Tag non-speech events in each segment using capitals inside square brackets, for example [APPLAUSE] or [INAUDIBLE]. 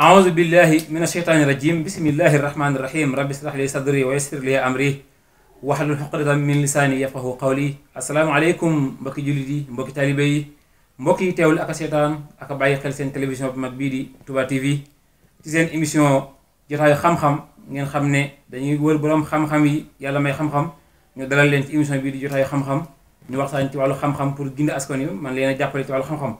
أعوذ بالله من الشيطان الرجيم بسم الله الرحمن الرحيم رب اشرح لي صدري ويسر لي أمري وحل الحقرة من لساني يفقه قولي السلام عليكم بكي جلدي بكي تالبي بكي تيول أكا شيطان أكا باي خلسين تلفزيون بمكبيدي توبا تي في تيزين إميسيون جرهاي خم خم نين خمني داني يقول برام خم خمي يالا ماي خم خم نيو دلال لين تيميسيون بيدي جرهاي خم خم نيو وقتا نتوالو خم خم بور جند أسكوني من لين جاكولي توالو خم خم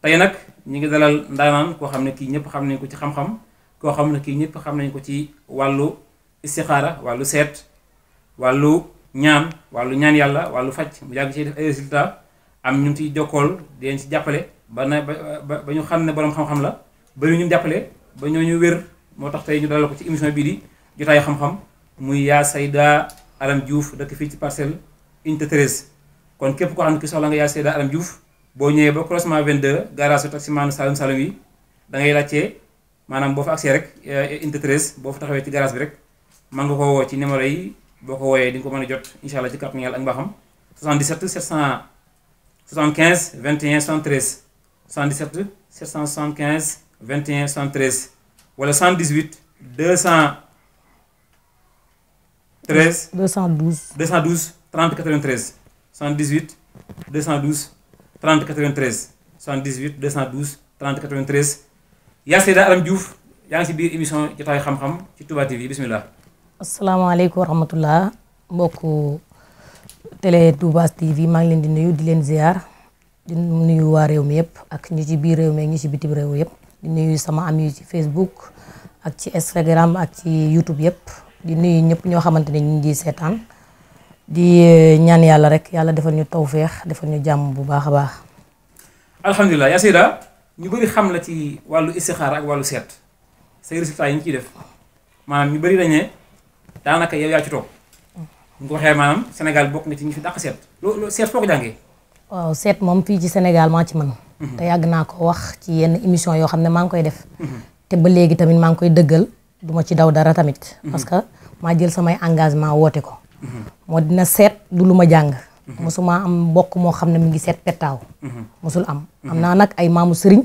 tay nak ñi ngi dalal ndaanaan ko xamne ki ñepp xamne ko ci xam-xam ko xamne ki ñepp xamne ko ci walu istikhara walu set walu ñaan walu ñaan yalla walu fajj mu yag ci def ay resultat am ñu ci jokol di leen ci jappalé ba na ba ba ñu xam ne xam-xam la ba ñu jappalé ba ñu wër tax ñu dalal ko ci émission bi di jotay xam-xam muy yaa Sayda alam Diouf dëkk fi ci parcel inte 13 kon kep ko xam ki soxla nga ya Sayda alam Diouf boo ñëwee ba croisement 22 garage su taximaanu Saloum Saloum yi da ngay laajte maanaam boo fa agsee rek eh, unité 13 boo fa taxawee ci garage bi rek mën nga ko woo ci numéro yi boo ko wooyee di nga ko mën a jot incha allah ci kàttanu yàlla ak mbaaxam 77 775 21 73 77 775 21 73 wala 118 200. 13 212 212 30 93 cent 212. 30 93 78 212 30 93 yaa Seyda Aram Diouf yaa ngi si biir émission jotaay xam-xam ci Touba TV bisimilah. asalaamaaleykum wa rahmatullah mbokku télé Touba TV maa ngi leen di nuyu di leen ziar di nuyu waa réew mi yëpp ak ñu ci biir réew mi ak ci bitim réew yëpp di nuyu sama am ci Facebook ak ci Instagram ak ci YouTube yëpp di nuyu ñëpp ñoo xamante ne ñu ngi di eh, ñaan yalla rek yalla defal ñu tawfiix defal ñu jamm bu baax a baax. alhamdulilah Yacira ñu bari xam la ci walu istikhara ak walu set say resulta yi ñu ci def manam ñu bari dañ danaka yow ya ci tok ñu ko waxee maanaam Sénégal bokk na ci ñu fi dakk set lo set foko foo ko waaw set mom fi ci senegal ma ci man mhm. te yag na ko wax ci yenn émission yo xam ma ngi koy def. Mhm. te ba léegi tamit ma ngi koy dëggal duma ci daw dara tamit. Mhm. parce que ma jël samay engagement woté ko. moo dina seet du lu ma jàng mhm. mosuma am mbokk moo xam ne mi ngi seet pettaaw mhm. mosul am am mhm. naa nag ay maamu sëriñ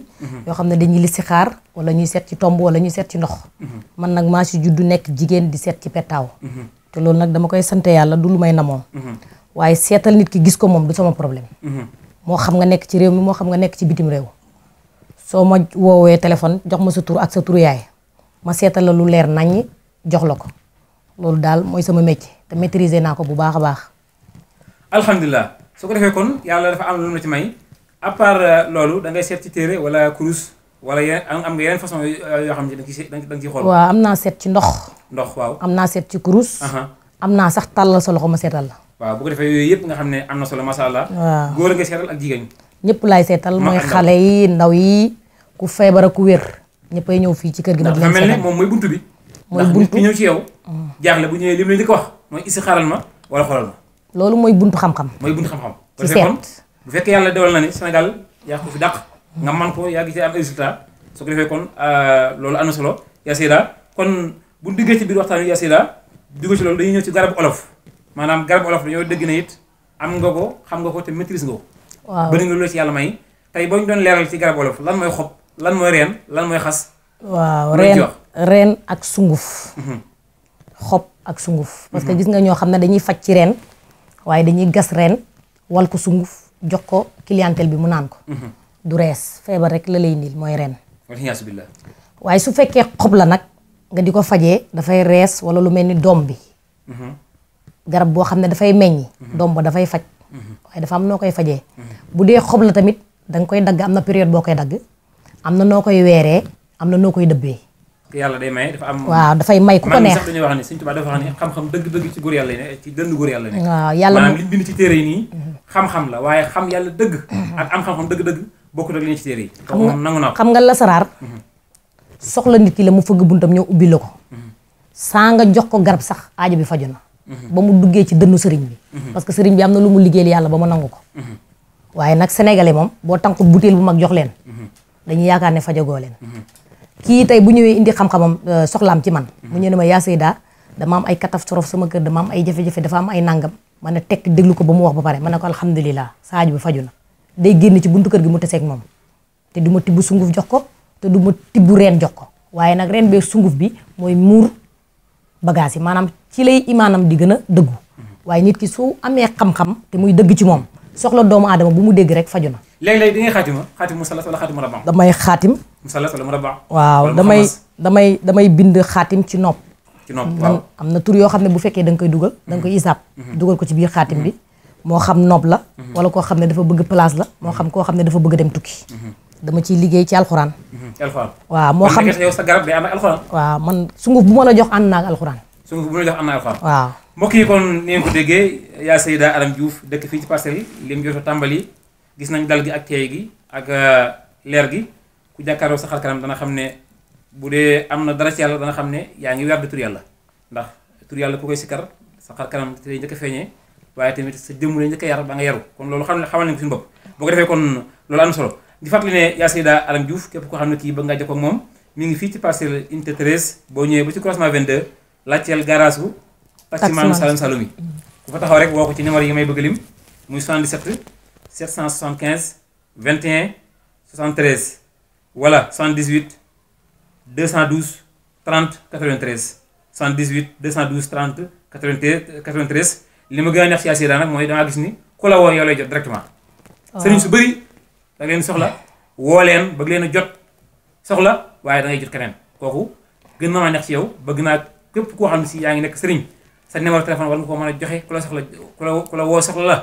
yoo xam ne dañ li si xaar wala ñuy seet ci tomb wala ñuy seet ci ndox man nag maa si juddu nekk jigéen di seet ci pettaaw te loolu nag dama koy sante yàlla du lu may namoon waaye seetal nit ki gis ko moom du sama problème moo xam nga nekk ci réew mi moo xam nga nekk ci bitim réew soo ma woowee téléphone jox ma sa tur ak sa turu yaay ma seetal la lu leer naññi jox la ko loolu dal moy sama métier te maîtriser nako bu baax baax. alhamdullilah su ko defé kon yalla dafa am lu ci may à part euh, loolu da ngay seet wala kurus wala yeneen am nga yeneen façon euh, yo xam ci da nga ciy da nga ciy xool. waaw am ci ndox. ndox waaw amna naa ci kurus. amna sax talal solo ko ma seetal la. waaw bu ko defé yoy yëpp nga xamné amna am na solo macha allah. waaw nga seetal ak jigéen ñepp lay seetal moy xalé yi ndaw yi ku febar ak ku wër ñëppay ñew fi ci kër gi. na di leen mom moy buntu bi mooy buntu ndax nit ku ñëw ci yow. Ah. jaaxle bu ñëwee lim ko wax mooy isi xaral ma wala xoolal ma. loolu mooy buntu xam-xam. mooy buntu xam-xam. ci seet bu fekkee yàlla dewal na ni Sénégal yaa ko fi dàq. nga man ko yaa ngi ci am résultat su ko defee kon euh, loolu am na solo Yacida kon bu ñu duggee ci biir waxtaan wi Yacida dugg ci loolu dañuy ñëw ci garabu olof maanaam garabu olof dañoo dégg na it am nga ko xam nga ko te maîtrise nga ko. waaw bëri nga loolu ci yàlla may tey boo ñu doon leeral ci garabu olof lan mooy xob lan mooy reen lan mooy xas. waaw reen ren ak sunguf mhm. xop ak sunguf parce que mhm. gis nga ñoo xam dañuy fac ci ren waye dañuy gas ren, wal ko sunguf jox ko clientèle bi mu nan ko mhm. du res febar rek la lay nil moy ren waye su fekke xop la nak nga diko ko fajee dafay res wala lu melni dom doom bi garab bo xamne da dafay meñ dom ba dafay faj waaye dafa am koy fajee bu dee la tamit dang koy dag amna période bokay koy amna am koy weeree amna no koy yàlla day may dafa am. waaw dafay may ku ko neex sax dañuy wax ni Sëñ Tuubaa dafa wax ni xam-xam dëgg-dëgg ci góor yàlla yi ne ci dënd góor yàlla ne waaw yàlla maanaam liñ bind ci téere yi nii mhm. xam-xam la waaye xam yàlla dëgg mhm. ak am xam-xam dëgg-dëgg bokkul ak li ci téere yi xam nangu naa xam nga la lasaraar mhm. soxla nit ki la mu fëgg buntam ñëw ubbi la ko saa nga jox ko garab sax aajo bi faju na ba mu duggee ci dënnu sëriñ bi parce que sëriñ bi am na lu mu liggéeyal yàlla ba mu nangu ko waaye nag sénégalais moom boo tànkut butéel bu mag jox leen dañuy yaakaar ne fajagoo leen kii tey bu ñëwee indi xam-xamam euh, soxlaam ci man mu ñëw ne ma yaa Seyda dama am ay catastrophe sama kër dama am ay jafe-jafe dafa am ay nangam ma ne tekk déglu ko ba mu wax ba pare ma ne ko alhamdulilah saaju bi faju na day génn ci buntu kër gi mu teseeg moom te du ma tibb sunguf jox ko te du ma tibb reen jox ko waaye nag reen bee sunguf bi mooy muur bagage yi maanaam ci lay imaanam di gën a dëggu waaye nit ki su amee xam-xam te muy dëgg ci moom soxla doomu aadama bu mu dégg rek faju na. léeg-léeg di ngay xaatima xaatim musallas wala xaatim murabba. damay xaatim. musallas wala murabba. waaw damay damay damay bind xaatim ci nopp. ci nopp am na tur yoo xam ne bu fekkee da nga koy dugal. da nga koy mhm. isaab. Mhm. dugal ko ci biir xaatim bi. Mhm. moo xam nopp la. wala koo xam ne dafa bëgg place la. moo xam koo xam ne dafa bëgg dem tukki. dama ciy liggéey ci alxuraan. waaw moo xam ne yow sa garab day am alxuraan. man sunguf bu ma la jox ànd naa ak alxuraan. sunguf bu ma la jox ànd naa alxuraan. waaw mbokk yi kon ni ko déggee yaa sayda Aram Diouf dëkk fii ci parcelles yi lim jot a tàmbali gis nañ dal gi ak teey gi ak euh, leer gi ku jàkkaaroo sa xar kanam dana xam ne bu dee am na dara ci yàlla dana xam ne yaa ngi werd tur yàlla ndax tur yàlla ku koy sikkar sa xar kanam te lay njëkk a feeñee waaye tamit sa jëmm lay njëkk a yar ba nga yaru kon loolu xam xamal nañ ko suñu bopp boo ko defee kon loolu am solo di fàttali ne yaa sayda Aram Diouf képp ko xam ne kii bëgg ngaa jokkoo ak moom mi ngi fii ci parcelle unité 13 boo ñëwee ba ci croisement 22 laajteel garage bu taximan Saloum Saloum yi ku fa taxaw rek woo ko ci numéro yi may bëgg lim muy 77 775 21 73 wala 78 212 30 93 78 212 30 93 93 li ma gën a neex ci Asira nag mooy damaa gis ni ku la woo yow lay jot directement. sëriñ su bëri da leen soxla woo leen bëgg leen a jot soxla waaye da ngay jot keneen kooku gën na maa neex ci yow bëgg naa képp koo xam ne si yaa ngi nekk sëriñ. sa numéro téléphone war nga ko mën a joxe ku la soxla ku la woo soxla la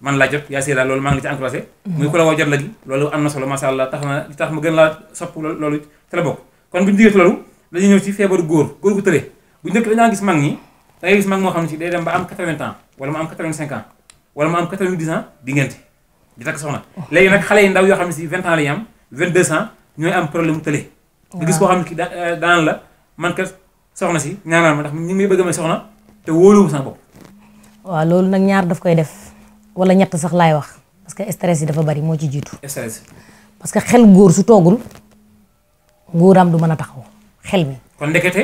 man laa jot yaa Seyda loolu maa ngi la ci encouragé mhm. muy ku la woo jot la gi loolu am na solo masha Allah tax ma gën laa sopp loolu te la bokk kon bu ñu góor góor gu tële bu njëkk gis mag ñi da moo xam si day dem ba am 80 ans wala mu am 85 ans wala mu am 90 ans diggante di takk soxna oh. léegi nag xale yi ndaw yoo xam ne si 20 ans la ñu am 22 ans ñooy am mu tële nga ne ki euh, daan la man kat soxna si ñaanal ma ndax ñu ngi bëgg a may soxna te wóoluwuma sama bop wa lolou nak ñaar daf koy def wala ñett sax lay wax parce que stress yi dafa bari mo ci jitu stress parce que xel goor su toogul góoraam du meuna taxaw xel mi. kon ndekete.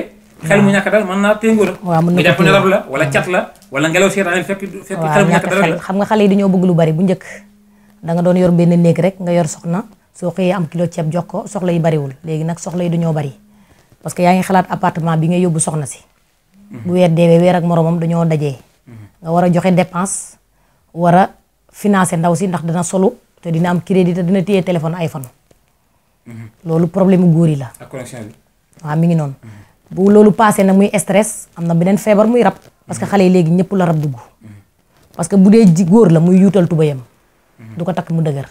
xel mu ñaka dal man na te ngóor. wa mu ñaka dal la wala chat la wala ngelaw seetaan fekk fekk xel mu ñaka dal xam nga xalé yi dañoo bëgg lu bari bu ñëk da nga doon yor benn neeg rek nga yor soxna so xey am kilo ciap jokko soxla yi bari wul legi nak soxla yi dañoo bari parce que yaangi ngi xalaat appartement bi nga yobbu soxna si bu weer deewee weer ak moromam dañoo daje. nga wara joxé dépense wara financer ndaw si ndax dana solo te dina am crédit te dina téye téléphone iPhone. loolu problème mu góor yi la. ak connexion bi. mi ngi non mhm. bu lolu passé nag muy stress am benen fièvre muy rap parce que mhm. xalé légui ñepp la rap duggu mhm. parce que bu ji góor la muy yutal tubayam. du ko tak mu dëgër.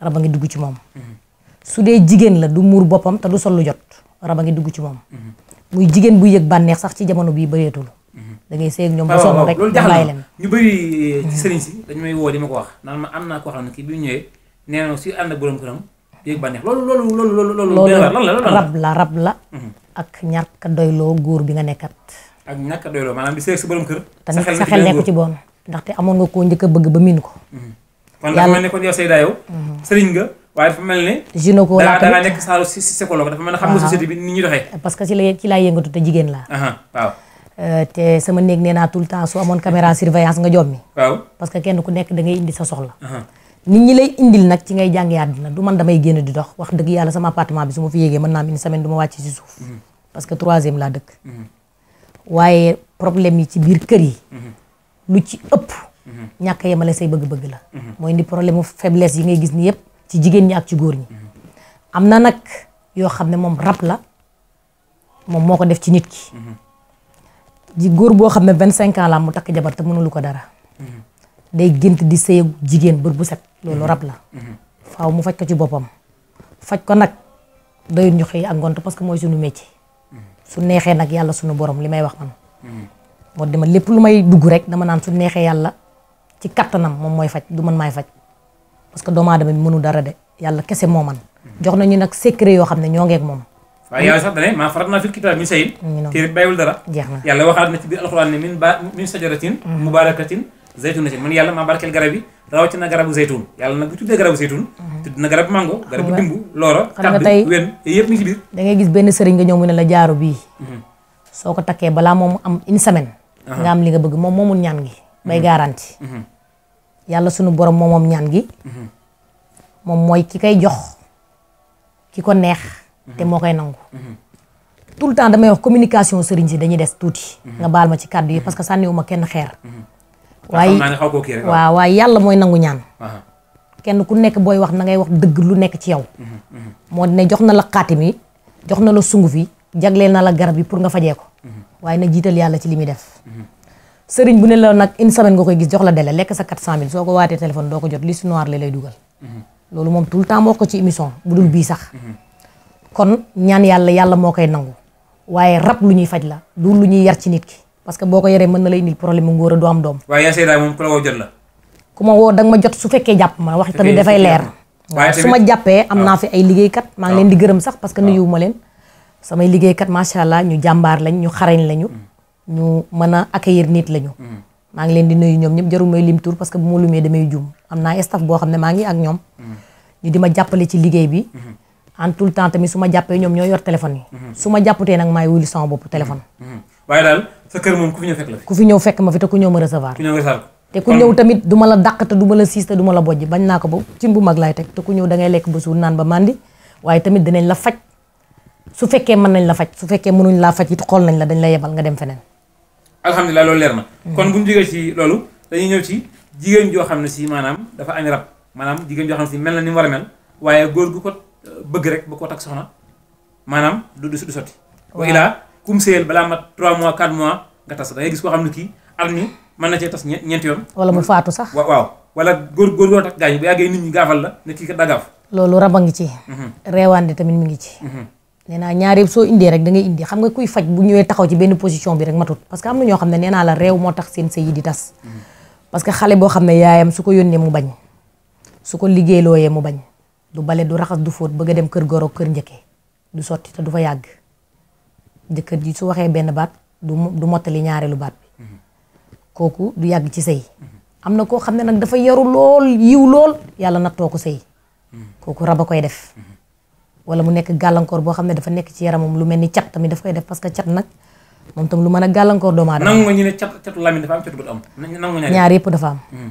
raba a ngi ci mom jigen la du mur bopam te du sol lu jot raba ngi ci mom muy jigen bu yëg banex sax ci jamono bi bëreetul. Mhm. da ngay seeg ñom ba sonn rek bay bàyyi leen ñu bari mhm. ci sëriñ ci dañ may wo di ko wax nan ma amna ko xamne ki bi ñewé neenu ci and borom këram yëg banex lolu lolu lolu lolu lolu lolu rab la rab la mhm. ak ka doylo goor bi nga nekkat ak ka doylo manam di seeg ci borom kër sa xel nekk ci bon ndaxte amoon nga ko ñëk bëgg ba min ko kon dafa mel ne kon yow sey da yow sëriñ nga waaye fa mel ni gynéco laa da nekk saalu si psychologue dafa mel ne xam nga société bi ni ñuy doxee parce que ci la ci laa yëngatu te jigéen laa waaw euh, te sama néeg nee naa tout le temps su amoon caméra surveillance nga jommi waaw parce que kenn ku nekk da ngay indi sa soxla nit ñi lay indil nag ci ngay jàngee àddina du man damay génn di dox wax dëgg yàlla sama appartement bi su ma fi yéegee mën naa am une semaine du ma wàcc ci suuf mhm. parce que troisième laa dëkk mhm. waaye problème yi ci biir kër yi mhm. lu ci ëpp ñàkk yemale say bëgg-bëgg la mooy ni problème faiblesse yi ngay gis ni yëpp ci jigen ñi ak ci goor ñi mhm. am nak yo xamne mom rap la mom moko def ci nit ki ji mhm. goor bo xamne 25 ans la mu tak jabar te mënulu ko dara mhm. day gënt di sey jigen bur bu set lolu rap la faaw mu fajj ko ci bopam fajj ko nak doy ñu xey ak gontu parce que moy suñu métier su nexé nak yalla suñu borom limay may wax man mo dama lepp lu may dugg rek dama nan su nexé yalla ci katanam mom moy fajj du man may fajj parce que doomu aadama bi mënu dara de yàlla kese moo man jox nañu nag secret yoo xam ne ñoo ngeeg moom waaw yow sax dane maa farat naa fil kitaab min shay'in téere bàyyiwul dara jeex na mm. yàlla maa barkeel garab yi rawatina garabu zaytun yàlla nag bu tuddee garabu zaytun mm-hmm. tudd na garabu mango garabu dimbu looro xam nga wen yëpp mi ci biir da ngay gis benn sëriñ nga ñëw mu ne la jaaro bii mm-hmm. soo ko takkee balaa moom am une nga am li nga bëgg moom moomul ñaan gi bay mm-hmm. garanti yàlla sunu borom moomoom ñaan gi mhm. moom mooy ki kay jox ki ko neex mhm. te moo koy nangu mhm. tout le temps damay wax communication sëriñ si dañuy des tuuti nga baal ma ci kàddu yi parce que sànniwuma kenn xeer waaye waaw waaye yàlla mooy nangu ñaan kenn ku nekk booy wax na ngay wax dëgg lu nekk ci yow moo ne jox na la xaatim yi jox na la sunguf yi jagleel na la garab yi pour nga fajee ko waaye na jiital yàlla ci li muy def sëriñ bu ne la nak une semaine nga koy gis jox la délai lek sa 400000 soko waté téléphone doko jot liste noire lay lay dugal. Mhm. lolu mom tout temps moko ci émission budul bi bii sax. Mhm. kon ñaan yalla yalla mo koy nangu waye rap lu ñuy faj la du lu ñuy yar ci nit ki parce que boko yéré mën na lay nit problème mu do am dom waye yassé day mom ko la wo jot la. ku ma woo danga ma jot su fekkee japp ma wax tamit da fay lèr suma jappé amna fi ay liggéey kat ma ngi leen di gërëm sax parce que nuyu ma leen. sama liggéey kat machallah ñu jambar lañ ñu xarañ lañu. Mm. ñu mën a accueillir nit lañu. Mm-hmm. maa ngi leen di nuyu ñoom ñëpp jarul may lim tur parce que bu ma lumee damay jum am naa staff boo xam ne maa ngi ak ñoom. Mm-hmm. ñu di ma jàppale ci liggéey bi. Mm-hmm. en tout le temps tamit su ma jàppee ñoom ñoo yor téléphone yi. su ma jàpputee nag maay wuli sama bopp ku fi ñëw fekk ma fi te ku ñëw ma recevoir. ku ñëw te ku ñëw tamit duma la dàq te du ma la siis te du la bojj bañ naa ko ba ci bu mag laay teg te ku ñëw dangay lekk ba suur naan ba màndi waaye tamit dinañ la faj su fekkee mën nañ la faj su fekkee mënuñ laa faj it xool nañ la dañ la yebal nga dem feneen alhamdulillah loolu leer na. Hmm. kon buñu jige ci loolu dañuy ñew ci jigeen jo xamne ci manam dafa añ rap manam jigeen jo xamne ci si mel na ni mu war mel waye góor gu ko euh, bëgg rek bu ko tak soxna manam du du soti wa ila kum seel bala mat 3 mois 4 mois nga tass da ngay gis ko xamne ki almi man na ci tass ñent yoon. wala mu faatu sax. waaw wala góor góor goo tak gañ bu yagee nit ñi gafal la ne ki ka dagaf gaaf. rabangi ci. Mhm. rewandi tamit mi ngi ci. Mhm. nee naa ñaari soo indee rek da ngay indi xam nga kuy faj bu ñëwee taxaw ci benn position bi rek matut parce que am na ñoo xam ne nee naa la réew moo tax seen sëy yi di tas parce que xale boo xam ne yaayam su ko yónnee mu bañ su ko liggéey looyee mu bañ du bale du raxas du fóot bëgg dem kër goro kër njëkkee du sotti du fa yàgg jëkkër ji su waxee benn baat du du mottali ñaareelu baat bi kooku du yàgg ci sëy am na koo xam ne nag dafa yaru lool yiw lool yàlla nattoo ko sëy kooku rab a koy def wala mu nek galankor bo xamne dafa nek ci yaramum lu melni ciat tamit daf koy def parce que ciat nak mom tam lu meuna galankor do ma aadama. nangu nga ñu ne ciat ciat làmmiñ dafa am ciat bu am. nang ñaar ñaar yep dafa am. Hmm.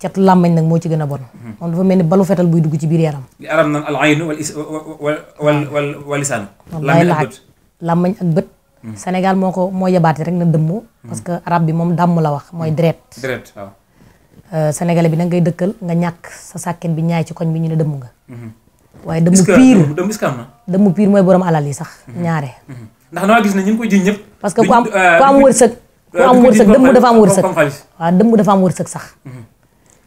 ciat làmmiñ nak mo ci gëna bon. mom hmm. dafa melni balu fetal buy dugg ci biir yaram. li aram nan al aynu wal wal wal wal lisan làmmiñ ak beut làmmiñ ak beut senegal moko mo yebati rek na demu hmm. parce que arab bi mom dàmm la wax mooy dret deret waaw. Euh, senegalais bi nag ngay dekkal nga ñak sa sakene bi ñaay ci koñ bi ñu ne demu nga waaye dëmm piir dëmm est-ce que am na dëmm piir mooy borom alal yi sax ñaare mhm. ndax dama gis na ñu koy jiñ ñëpp parce que ku am euh, ku am wërsëg ku am wërsëg dëmm dafa am wërsëg dafa am wërsëg sax mhm.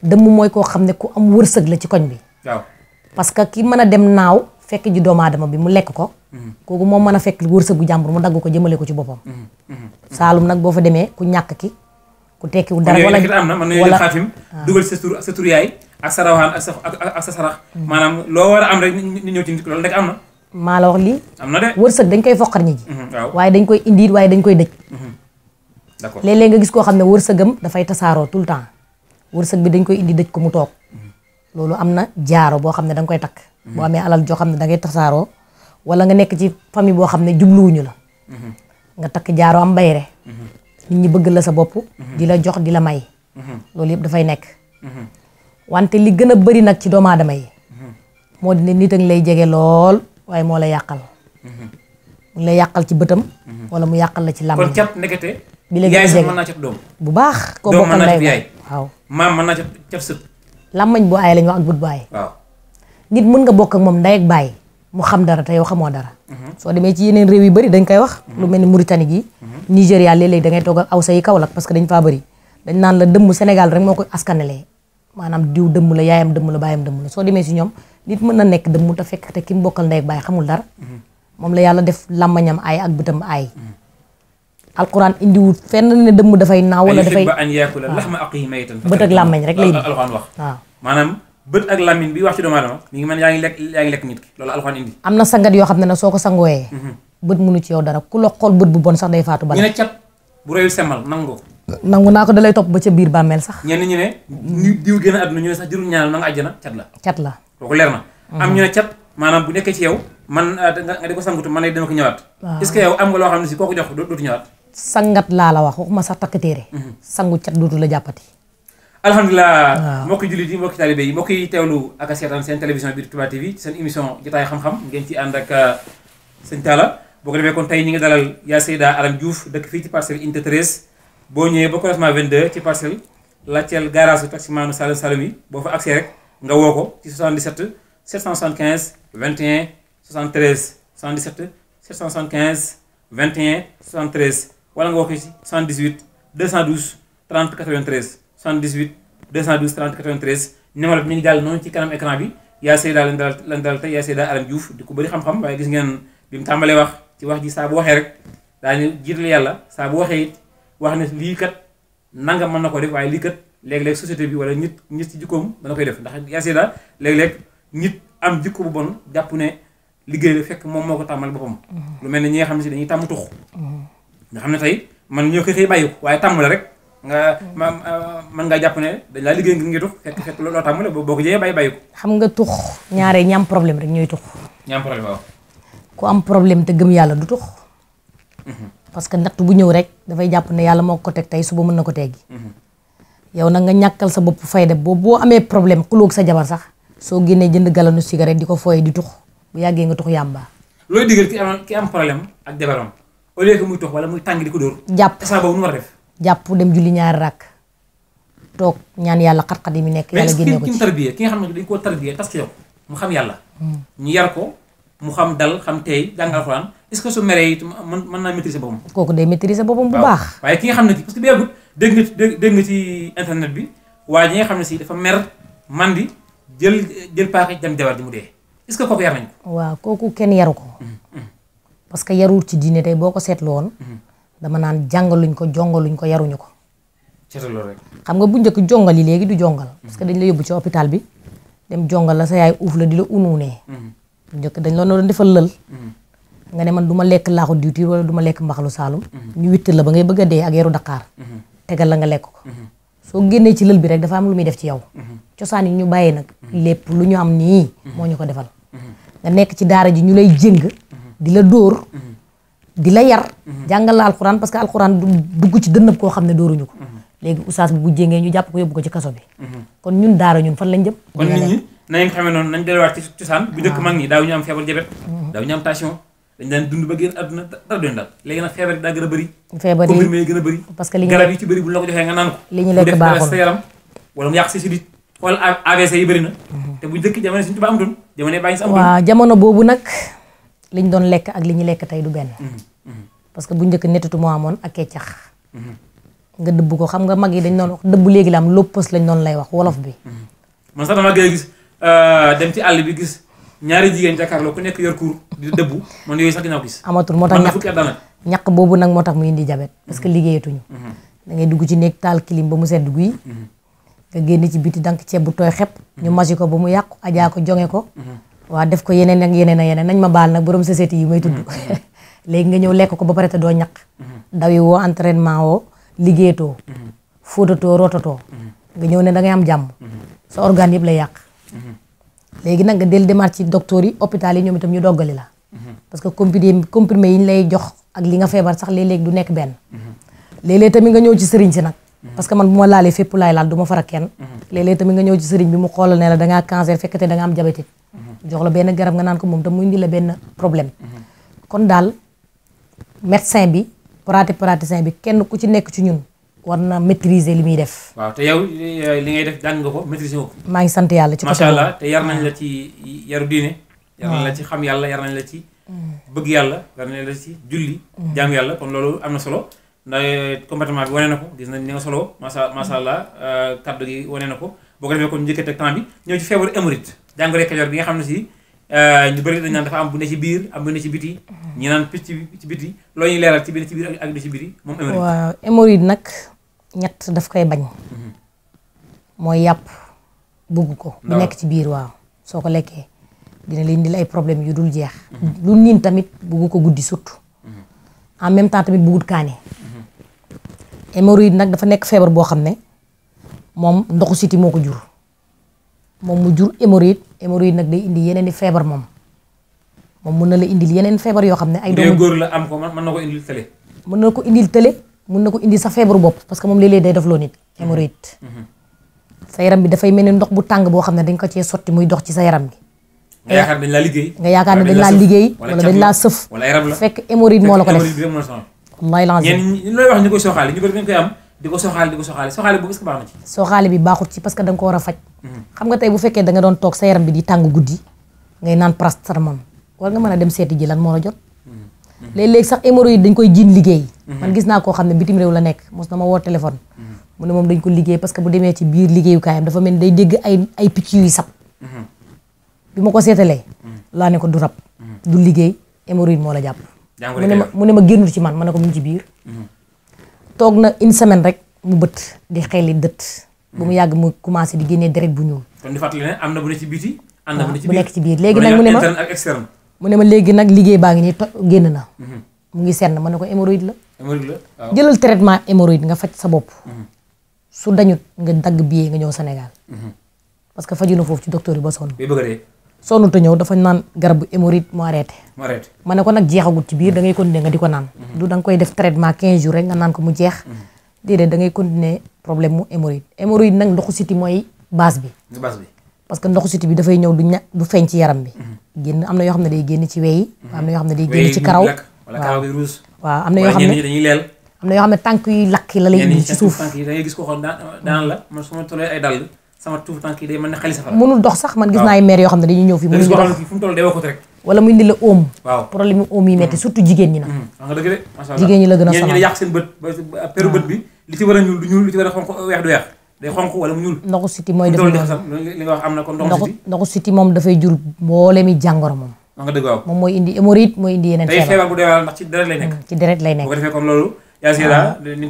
dëmb mooy koo xam ne ku am wërsëg la ci koñ bi waaw parce que ki mën a dem naaw fekk ji doomu aadama bi mu lekk ko mhm. kooku moom mën a fekk wërsëgu jàmbur mu dagg ko jëmale ko ci boppam saalum nag boo fa demee ku ñàkk ki ku tekkiwul dara wala wala ah. dugal ak sa rawaan ak sa ak maanaam loo war a am rek la wax lii. am na dañ koy foqar ñi mhm, waaye dañ koy indi waaye dañ koy dëj. Mhm. d'accord nga gis koo xam ne wërsëgam dafay tasaaroo tout le temps wërsëg bi dañ koy indi dëj ko mu toog mhm. loolu am na jaaro boo xam ne da koy takk. boo amee alal joo xam ne da tasaaroo wala nga nekk ci famille boo xam ne jubluwuñu la. nga takk jaaro am nit ñi bëgg la sa bopp. di la jox di la may. loolu yëpp dafay nekk. wante li gëna bari nak ci dooma adamay mo di nit ak lay jege lool way mo la yakal mu lay yakal ci bëtam wala mu yakal la ci lamb kon cat negaté bi la gëna a jege bu baax koo bokkal lay yaay waaw maam mën naa cat cat sët làmmañ bu ay lañu ak bu aay waaw nit mën nga bokk ak mom nday ak baay mu xam dara tay waxamo dara mhm. so demee ci yeneen réew yi bari dañ koy wax lu mhm. melni ni Mauritanie gi mhm. nigeria lélé da ngay togal ak awsa yi parce que dañ fa bari dañ nan la dëmm Sénégal rek moo koy maanaam diw dëmm la yaayam dëmm la baayam dëmm la soo demee si ñoom nit mën na nekk dëmm te fekk te ki mu bokkal ndey ak baay xamul dara moom la yàlla def làmmañam aay ak bëtam aay alquran indiwul fenn ne dëmm dafay naaw wala dafay an yaakula laxma aqiihi maytan bët ak làmmañ rek lay di alquran wax waaw maanaam bët ak làmmiñ bi wax ci doomu aadama mi ngi man indi am na sangat yoo xam ne ne soo ko sangooyee mhm. bët mënu ci yow dara ku la xool bët bu bon sax day faatu bala ñu ne cat bu rëyul semmal nangu nanguna ko dalay top ba ca bir bàmmeel sax. ñen ñi ne ñu diw gën aduna ñu sax juróom ñaal na nga àjjana la. chat la ko leer am ñu ne cat bu nekk ci yow man ah, nga diko ko sangutu man lay dama ko ñëwaat. est-ce que yow am nga lo xamni ci si jox do dootu ñëwaat. sangat la la wax waxuma sax takk téere. Mhm. sangu cat dootu la jàppati. alhamdulilah mbokki jullit yi mbokki taalibe yi mbokki teewlu ak a sen télévision biir tuba TV sen émission jotaay xam-xam ngeen ci and ak ah, sëñ tala bu ko defé kon tay ñi nga dalal ya sayda Arame Diouf dekk fi ci Parcelles inter 13 boo ñëwee ba croisement 22 ci parcelle laajteel garage su taximaanu Saloum Saloum yi boo fa accès rek nga woo ko ci 77 775 21 73 77 775 21 73 wala nga woo ko ci 78 212 30 93 78 212 30 93 numéro bi mi ngi jàll noonu ci kanam écran bi yaa Seyda lañ dalal lañ dalal tey yaa Seyda Aram Diouf di ko bëri xam-xam waaye gis wax ci wax ji saa bu waxee rek daañu jiital yàlla wax ne lii kat nangam mën na ko def waaye lii kat léeg-léeg société bi wala nit nit ci jikkoom dana koy def ndax yaasee daal léeg-léeg nit am jikko bu bon jàpp ne liggéey la fekk moom moo ko tàmmal boppam. Mm-hmm. lu mel ne ñi nga xam ne si dañuy tàmm tux. Mm-hmm. nga xam ne tey man ñoo ko xëy bàyyi ko waaye tàmm la rek. nga mm-hmm. ma man nga jàpp ne dañ laa liggéey ngir ngi tux fekk fekk looloo tàmm la boo ko jëyee bàyyi bàyyi xam nga tux ñaare ñi am problème rek ñooy tux. ñi am problème waaw. ku am problème te gëm yàlla du tux parce que natt bu ñew rek da fay japp ne yalla moko tek tay tey suba mën na ko teggi mhm. yow nag nga ñakkal sa bop fayda bo bo amé problème ku lok sa jabar sax so guéné jënd galanu cigarette diko foy di tux bu yagge nga tux yamba loy digal ki am ki am problème ak débaram au lieu que muy tux wala muy tàng diko dor japp sa saa boobu nu war def japp dem julli ñaar rak tok ñaan yalla xat-xat yi mu nekk yalla guéné ko ci ki mu ki nga xam dañ ko tarbiye tas ci yow mu xam yalla mm. ñu yar ko mu xam dal xam tey jàng alxuraan est-ce que su meree it mën mën naa maîtriser boppam. kooku day maîtriser boppam bu baax. waaye ki nga xam ne parce que bi yàggut dégg nga dégg nga ci internet bi waaye ñi nga xam ne si dafa mer mandi jël jël paaka dem jabar di mu dee est-ce que kooku yar nañ ko. waaw kooku kenn yaru ko. Mm-hmm. parce que yarul ci diine tey boo ko seetlu woon. Mm-hmm. dama naan jàngaluñ ko jongaluñ ko yaruñu ko. rek. xam nga bu njëkk jongali yi léegi du jongal. parce que mm-hmm. dañ la yóbbu ci hôpital bi dem jongal la sa yaay uuf la di la unuunee. njëkk dañ loon doon defal lël mm-hmm. nga ne man du ma lekk laaxu diwtiir wala du ma lekk mbaxalu saalum mm-hmm. ñu witt la ba ngay bëgg a dee ak yaru daqaar mm-hmm. tegal la nga lekk ko soo génnee ci lël bi rek dafa am lu muy def ci yow cosaan yi ñu bàyyee nag lépp lu ñu am nii moo ñu ko defal nga nekk ci daara ji ñu lay jëng di la dóor di la yar jàngal la alxuraan parce que alxuraan dugg ci dënnab koo xam ne dóoruñu ko léegi oustaz bi bu jéngee ñu jàpp ko yóbbu ko ci kaso bi kon nañ xamé non nañ delluwaat ci cosaan bu dëkk ah. mag ni daaw ñu am fièvre jabet mm-hmm. daaw ñu am tension dañ dan dund ba gën aduna dara doon daal légui nag fièvre da gëna gën a bëri feebar yi yi gëna a bëri parce que garab yi ci bëri bu la ko joxé nga nan ko li ñu lekk baaxul sa yaram wala mu yàq ci sidit xool AVC yi bëri na mm-hmm. té bu dëkk jamono suñu tuba am doon jamono bañ ngi si am waaw jamono bobu nak liñ doon lekk ak li ñu tay du ben mm-hmm. parce que bu ñëk netatu mo amone ak keccax nga dëbb ko xam nga mag yi dañ non dëbb légui la am loppës lañ non lay wax wolof bi man sa dama gëy gis Euh, dem ci àll bi gis ñaari jigéen jàkkaarloo ku nekk yor cour di debu man yooyu sax dinaa gis. amatul moo tax ñàkk ñàkk boobu nag moo tax mu indi jabet parce que liggéeyatuñu. Mhm. da ngay dugg ci néeg taal kilim ba mu sedd guy. Mhm. nga génn ci biti dank ceeb bu tooy xepp. ñu mhm. masi ko ba mu yàqu ajaa ko jonge ko. waa def ko yeneen ak yeneen ak yeneen nañ ma baal nag borom société yi may tudd. [LAUGHS] léegi nga ñëw lekk ko ba pare te doo dawi woo entraînement woo fóotatoo nga ñëw ne da ngay am jàmm. sa organe yëpp lay yàq. léegi nag nga del demaat ci docteur yi hôpital yi ñoom itam ñu doggali la. parce que comprimé comprimé yi ñu lay jox ak li nga feebar sax léeg-léeg du nekk benn. léeg-léeg tamit nga ñëw ci sëriñ si nag. parce que man bu ma laalee fépp laay laal du ma fara kenn. léeg-léeg tamit nga ñëw ci sëriñ bi mu xoolal ne la dangaa ngaa cancer fekk te da nga am diabétique. jox la benn garab nga naan ko moom tam mu indi la benn problème. kon daal médecin bi praticien bi kenn ku ci nekk ci ñun war na maîtriser li muy def. waaw te yow eh, li ngay def jàng nga ko maîtriser ko. maa ngi sant yàlla ci côté macha allah te yar nañ la ah. ci yaru diine. yar nañ la ci ah. xam yàlla yar nañ la ci. Mm. bëgg yàlla yar nañ la ci julli. Mm. jaam yàlla kon loolu am na solo ndax eh, comportement bi wane na ko gis nañ ni nga solo macha macha mm. allah eh, kaddu gi wane na ko boo ko defee kon njëkkate temps bi ñëw ci feebaru émorite jàngoro Kajoor bi nga xam ne si. ñu bëri dañ naan dafa am bu ne ci biir am bu ne ci biti ñu naan picc ci biti loo ñuy ci biir ci biir ak du ci biti ñett daf koy bañ moy yap bugu ko bu nek ci biir waaw soko lekke dina la indil ay problème yu dul jeex lu niin tamit bugu ko guddi surtout en même temps tamit bugut kané hémorroïde nak dafa nek fièvre bo xamné ne ndoxu siti moko jur mom mu jur hémorroïde hémorroïde nak day indi yeneeni i mom mom moom na la indil yeneen fièvre yo xamné ay doomu ngor la am ko man nako indil mën ko indil mën na ko indi sa feebaru bopp parce que moom léeg-léeg day def loo nit hémorroïde sa yaram bi dafay mel ni ndox bu tàng boo xam ne dañ ko cee sotti muy dox ci sa yaram bi nga yaakaar dañ laa liggéey nga yaakaar ne dañ laa liggéey wala dañ laa sëf wala yaram la fekk hémorroïde moo la ko def wallaay lancé ñenn looy wax ñu koy soxaale ñu bëri dañ koy am di ko soxaale di ko soxaale soxaale boobu est-ce que baax na ci soxaale bi baaxut ci parce que da nga ko war a faj mhm. xam nga tey bu fekkee da nga doon toog sa yaram bi di tàng guddi ngay naan paracetamol war nga mën a dem seeti ji lan moo la jot léeg-léeg sax hémorroïde dañ koy jiin liggéey man gis naa koo xam ne bitim réew la nekk mos na ma woo téléphone mu ne moom dañ ko liggéey parce que bu demee ci biir liggéeyukaayam dafa mel ni day dégg ay ay picc yuy sab bi ma ko seetalee laa ne ko du rab du liggéey hémorroïde moo la jàpp mu ne ma mu ne ma génnul ci man ma ne ko mu ci biir toog na une semaine rek mu bët di xeli dët bu mu yàgg mu commencé di génnee deret bu ñuul kon di fàttali ne bu ne ci biir léegi nag mu ne mu ne ma léegi nag liggéey baa ngi nii to génn na. Mhm. mu ngi senn ma ne ko hémorroïde la. hémorroïde jëlal traitement hémorroïde nga faj sa bopp. Mhm. su dañut nga dagg billet nga ñëw Sénégal. Mhm. parce que faju na foofu ci docteur yi ba sonn. bi bëgg sonn te ñëw dafa naan garabu hémorroïde mu arrêté. mu ma ne ko nag jeexagut ci biir da ngay continuer nga di ko naan. du da nga koy def traitement 15 jours rek nga naan ko mu jeex. déedéet da ngay continuer problème mu hémorroïde hémorroïde nag ndoxu siti mooy base bi. parce que ndoxu siti bi dafay ñëw du ña du feeñ ci yaram bi mhm. génn am na yoo xam ne day génn ci weyi mhm. am na yoo xam ne day génn ci karaw waaw am na yoo xam ne dañuy leel am na yoo xam ne tànk yu lakk la lay indi ci suuf tànk yi gis ko ay dàll sama tuuf tànk yi day mën na dox sax man gis naa ay maire yoo xam ne dañuy ñëw fii mënuñu dox fu mu indi la oom waaw problème yu oom yi metti mhm. surtout jigéen ñi na wax nga jigéen ñi la gën a sonal day xonq wala mu ñuul. ndoxu siti mooy def li nga am na kon ndoxu siti ndoxu siti moom dafay jur mboole mi jàngoro moom. wax ah, nga dëgg waaw moom mooy indi hémorroïde mooy indi yeneen. feebar day feebar bu dee lay nekk. Mm, ci ah.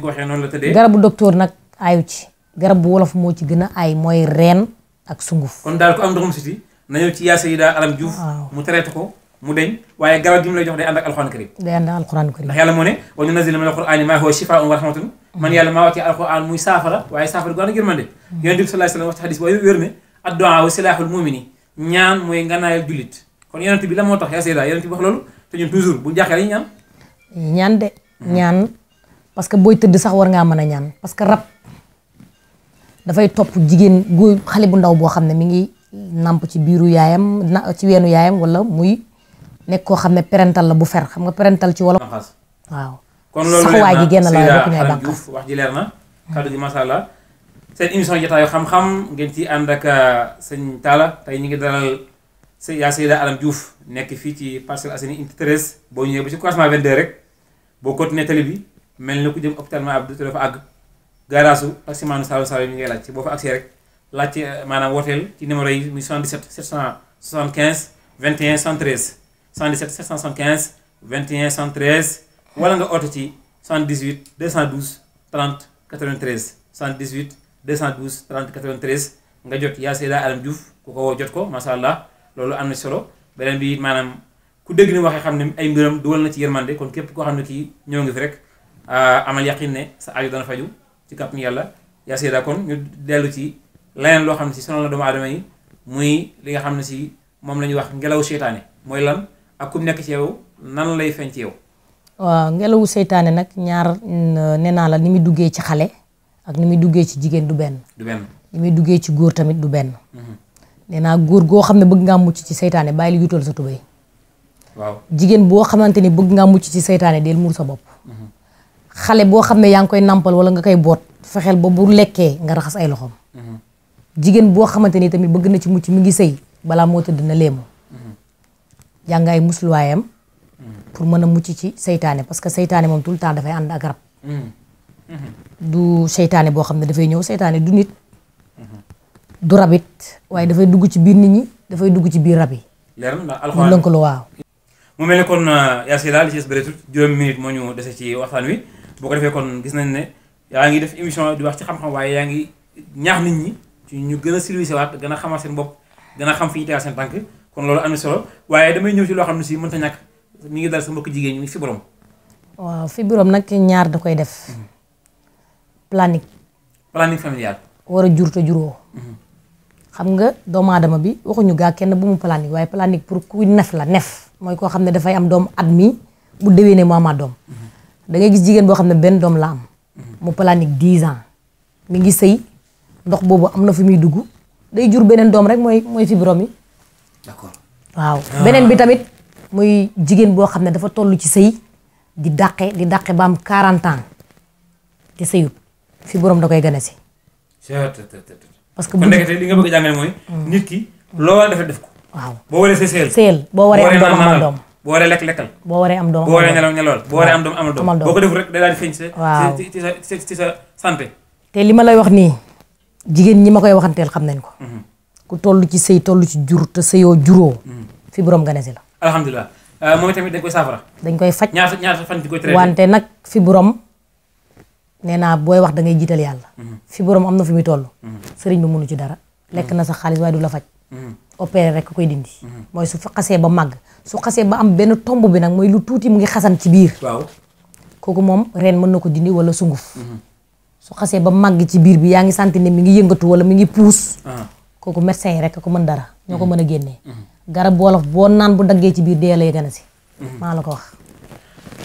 ko waxee noonu la tëddee. garabu docteur nag aayu ci garab bu wolof moo ci gën a aay mooy reen ak sunguf. kon daal ko am ndoxum na ñëw ci yaa daa alam juuf mu traité ko mu deñ waaye garab gi lay jox day ànd ak alxuraan karim. day ànd ak alxuraan karim. ndax yàlla moo ne wa nunazzilu mina alxuraani maa huwa shifaa'un wa rahmatun man yalla ma wati alquran muy safara waaye safara gona ànd yërmande yonent bi sallallahu alaihi wasallam hadith boy werne addu'a wa silahul mumini ñaan mooy nganaayal julit kon yonent bi la moo tax yaa seeda yonent bi wax loolu te ñun toujours bu jaaxee ñaan ñaan de ñaan parce que boy teud sax war nga meuna ñaan parce que da fay top jigen góor xale bu ndaw bo xamne mi ngi namp ci biiru yaayam ci wenu yaayam wala muy nek ko xamne parental la bu fer xam nga parental ci wala waaw kon loolu leer na génn la Diouf wax ji leer na kàddu gi macha allah seen émission jotaayu xam-xam ngeen ci ànd ak uh, sëñ Talla tey ñu ngi dalal yaa Seyda Arame Diouf nekk fii ci Parcelles Assainies unité 13 boo ñëwee ba ci croisement 22 rek boo continuer tali bi mel na ku jëm hôpital ma Abdou te dafa àgg garaasu taximaanu Saalum Saalum yi ngay laaj boo fa agsee rek laajte uh, maanaam woteel ci numéro yi muy 77 775 21 113 77 775 21 113 wala nga oote ci 78 212 30 93 78 212 30 93 nga jot ya Seyda Alam Diouf ku ko jot ko macha allah loolu solo benen bi manam ku dégg ni waxe xamne ay mbiram duwal na ci yermande kon kep ko xamne ki ñoo ngi fi rek ah, amal yaqin ne sa ayu dana faju ci kap ni yalla ya Seyda kon ñu delu ci leneen lo xamne ci si sonal na doomu adama yi muy li nga xamne ci mom lañu wax ngelaw seytaane moy lan ak kum nek ci yow nan lay fenc ci yow. waaw ngelawu seytaane nag ñaar mm, nee naa la ni muy duggee ci xale ak ni muy duggee ci jigéen du benn. du benn ni muy duggee ci góor tamit du benn. Mhm. nee naa góor goo xam ne bëgg ngaa mucc ci seytaane bàyyi li yutal sa tubéy. jigéen boo xamante ni bëgg ngaa mucc ci seytaane del muur sa bopp. Mhm. xale boo xam ne yaa ngi koy nàmpal wala nga koy boot fexeel ba bu lekkee nga raxas ay loxoom. Mhm. jigéen boo xamante ni tamit bëgg na ci mucc mi ngi sëy balaa moo tëdd na léemu. jàngaay musluwaayam. pour mëna mucc ci seytaane parce que seytaane mom tout temps da fay and ak rap du seytaane bo xamne da fay ñew seytaane du nit du rabit waaye fay dugg ci biir nit ñi fay dugg ci biir rab yi leer na alxuraan lënkaloo waaw mu melni kon euh, ya si daal li ci des tout juroom minute mo ñu déssé ci waxtan wi bu ko défé kon gis nañ né ya nga def émission di wax ci xam-xam waaye ya nga ñaax nit ñi ci ñu gëna a service waat gëna xamal seen bop gëna xam fi ñu seen tank kon lolu am solo waaye damay ñew ci lo xam ne mën ta ñak mi ngi dal sa mbokk jigéen ñi fibrom. waaw fibrom nak ñaar da koy def. Mm-hmm. planning. planning familial. wara jur ta juro mm-hmm. xam nga doomu adama bi ñu ga kenn bu mu planning waye planning pour ku nef la nef moy ko xamne da fay am doom admi, bu déwénee mu amaat doom. Mm-hmm. da ngay gis jigéen bo xamne ben doom la am. mu planning 10 ans mi ngi sey ndox bobu amna na fu muy dugg day jur benen doom rek moy mooy fibrom yi. d'accord waaw benen bi ah. tamit muy jigen bo xamne dafa tollu ci sey di daqé di daqé ba am 40 ans te sëyut fi borom dakoy koy ci parce que bu li nga bëgg a moy mm. nit ki lo war dafa def ko. waaw boo sey sel sel bo waré am dom amal doom boo waree lekk lekkal. boo waree am dom bo waré ñalaw ñalol bo waré am dom amal dom boko def rek da la di feeñ sa. ci ci sa santé. té li ma lay wax ni jigen ñi makoy waxantel xam nañ ko. Mm-hmm. ku tollu ci sey tollu ci jur te sëyoo juro mm. fi borom gane la. alhamdulilah euh, moom tamit dañ koy saafara. dañ koy faj wante nag fi borom nee naa booy wax da ngay jiital yàlla. Mhm. fi borom am na fi muy toll. Mhm. sëriñ bi mënu ci dara. Mhm. lekk na sa xaalis waaye du la faj. opéré rek koy dindi. mooy su fa xasee ba màgg su xasee ba am benn tomb bi nag mooy lu tuuti mu ngi xasan ci biir. kooku moom ren mën na ko dindi wala sunguf. su xasee ba màgg ci biir bi yaa ngi santi ne mi ngi yëngatu wala mi ngi puus. Ah. kooku médecin yi rek ko mën dara ko mën a génnee. garab wolof bo nan bu dagge ci biir dee lay gën a si. Mhm. la ko wax.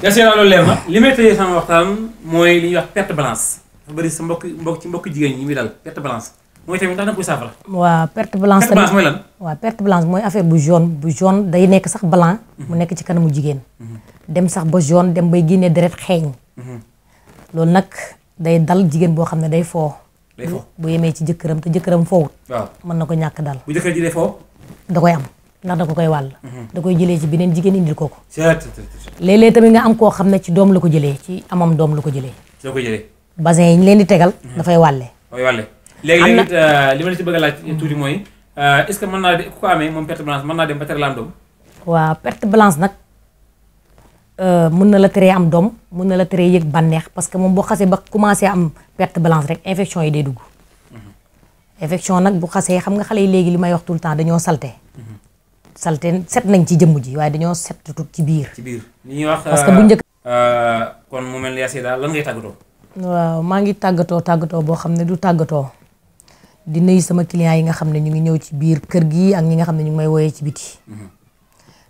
merci ya loolu leer na limay tey sama waxtam moy li wax perte balance bari sa mbokk mbokk ci mbokk jigéen yi mi dal perte balance moy tamit na da nga wa perte balance perte balance moy lan. wa perte balance moy affaire bu jaune bu jaune day nek sax blanc. Mhm. mu nek ci kanamu jigéen. Mhm. dem sax ba jaune dem bay guiné deret xéñ lool nak day dal jigéen bo xamné day fo day fo bu yemee ci jëkkëram te jëkkëram fo wa man nako ñak dal. bu jëkkër ji day fo da koy am. ndax da ko koy wàll da koy jëlee ci beneen jigéen indil ko ko léeg-léeg tamit nga am koo xam ne ci doom la ko jëlee ci amam doom la ko jëlee basin yi ñu leen di tegal mhm. dafay wàlle léegi léegi euh, a laaj euh, que mën moom perte blanche mën dem ba tere am doom waaw perte blanche nag euh, mën na la teree am doom mën na la teree yëg bànneex parce que moom boo xasee ba commencé am perte blanche rek yi day dugg mhm. infection nag bu xasee xam nga xale yi léegi li may wax tout le temps dañoo salte mhm. salte set nañ ci jëmm ji waaye dañoo set tut ci biir. ci biir li bu njëkk. Euh, euh, kon mu mel ni Yacine lan ngay tàggatoo. waaw maa ngi tàggatoo tàggatoo boo xam ne du tàggatoo di nuyu sama client yi nga xam ne ñu ngi ñëw ci biir kër gi ak ñi nga xam ne ñu ngi may wooyee ci biti. Mhm.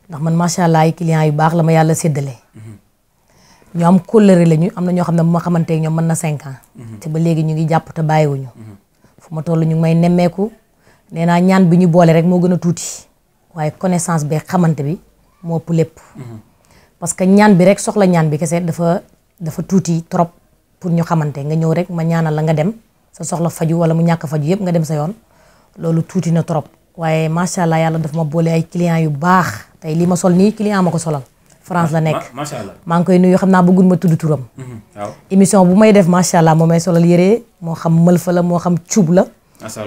ndax man macha allah ay client yu baax la ma yàlla séddale. Mhm. ñu am kóllëre la ñu am na ñoo xam ne bu ma xamante ñoom mën na cinq ans. Mhm. te ba léegi ñu ngi jàpp te bàyyiwuñu. fu ma toll ñu may nemmeeku nee naa ñaan bi ñu boole rek moo gën a tuuti. waye connaissance be xamanté bi moo pas lépp. parce que ñaan bi rek soxla ñaan bi kessé dafa dafa touti trop pour ñu xamanté nga ñew rek ma ñaanal la nga dem sa soxla faju wala mu ñak faju yëpp nga dem sa yoon lolu touti na trop. waaye macha allah yàlla dafa ma bolé ay client yu bax tay li ma sol ni client mako solal. France la nek macha allah ma ngi koy nuyu xamna bëggul ma tuddu turam. Mm-hmm. émission bu may def macha allah may solal yéré mo xam mëlfa la mo xam ciub la.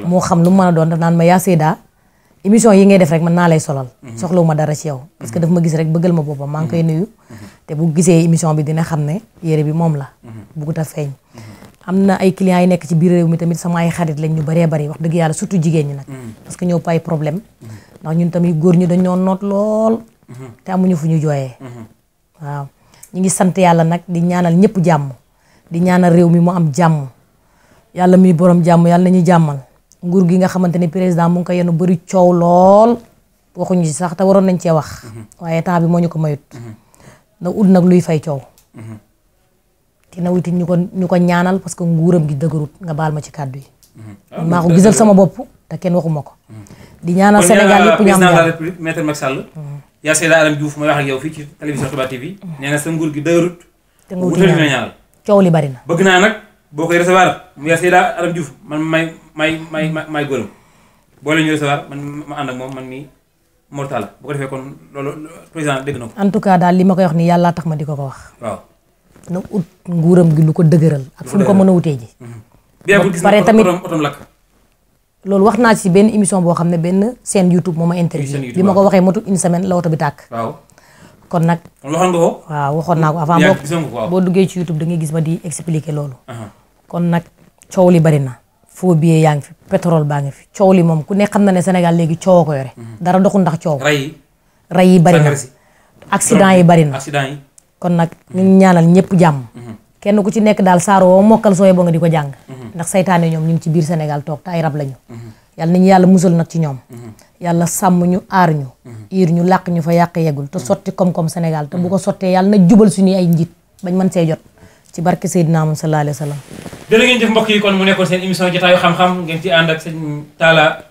mo xam lu mëna don doon ma émission yi ngay def rek man na lay solal. soxlawuma dara ci yow. parce que daf ma gis rek bëggal ma bopam ma ngi koy nuyu. te bu gisee émission bi dina xamné yéré bi mom la. bu ko ta am amna ay client yi nek ci biir rew mi tamit sama ay xarit lañ ñu bari bari wax deug yalla surtout jigéen ñi nak parce que ñoo pay problème. ndax ñun tamit ñu dañ ñoo note lool. te amuñu fu ñu waaw ñi ngi sante yalla nak di ñaanal ñepp jamm di ñaanal rew mi mu am jamm yalla mi borom jamm yalla nañu jammal nguur gi nga xamanteni president mu ngi ko yenu bëri coow lool waxuñu ci sax ta waron nañ ci wax. Mhm. waye temps bi moñu ko mayut. na ud nak luy fay ciow mhm. ti na wuti ñuko ñuko ñaanal parce que nguuram gi degeerut nga bal ma ci kaddu yi. Mhm. ko gisal sama bop ta ken waxuma ko. di ñaanal Sénégal yëpp ñam am jàmm kon président de la République maître Macky Sall. yaa Seyda Aram Diouf may wax ak yow fi ci télévision xiba TV. neena sa nguur gi degeerut wuti ñaanal ciow li bari na. bëgg nak bokay recevoir mu ya sey la adam Diouf man may may may may góoram bo leen ñu recevoir man ma and ak mom man mi mortal bu ko defé kon lolu président dégg na en tout cas dal li ma koy wax ni yalla tax ma diko ko wax. waaw na ut nguuram gi lu ko dëgëral. ak fu mu ko mën a wutee ji. Mhm. pare tamit lolu wax na ci ben émission bo xamné ben benn YouTube moma interview bi mako waxé waxee une semaine la oto bi tak waaw kon nak waxon nga ko. waaw waxon nako avant bo duggé ci YouTube da ngay gis ma di expliquer lolu kon nak coow li bari na. foo biyee yaa ngi fi pétrole baa ngi fi coow li moom ku ne xam na ne Sénégal léegi coow ko yore. Mhm. dara doxul ndax coow. ray yi ray yi bari na accident yi bari na accident yi. kon nag mhm. ñun ñaanal ñëpp jàmm. Mhm. kenn ku ci nekk daal saaroo woo mokkal sooy bo nga di ko jàng. ndax saytaane ñoom ñu ngi ci biir Sénégal toog te ay rab lañu. yàlla nañu yàlla musal nag ci ñoom. yàlla sàmm ñu aar ñu. iir ñu làq ñu fa yàq yeggul te sotti koom-koom Sénégal te bu ko sottee yàlla na jubal suñuy ay njiit bañ mën see jot. ci barke Seydina Muhammad sallallahu alayhi wa sallam. dina ngeen jëf mbokk yi kon mu nekkoon seen émission jotaayu xam-xam ngeen ci ànd ak sëñ Talla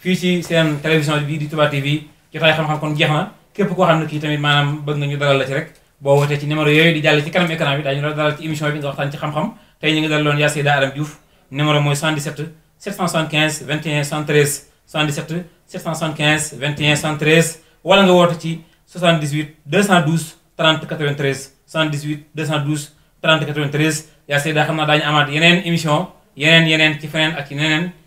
fii ci seen télévision bii di Touba TV jotaayu xam-xam kon jeex na képp koo xam ne kii tamit maanaam bëgg nga ñu dalal la ci rek boo wootee ci numéro yooyu di jàll ci kanam écran bi daañu la dalal ci émission bi nga waxtaan ci xam-xam tey ñu ngi dalaloon Ya Seyda Adam Diouf numéro mooy 77 775 21 113 77 775 21 113 wala nga woote ci 78 212 30 93 78 212. 30 93 yaa seydaa xam naa yeneen émission yeneen yeneen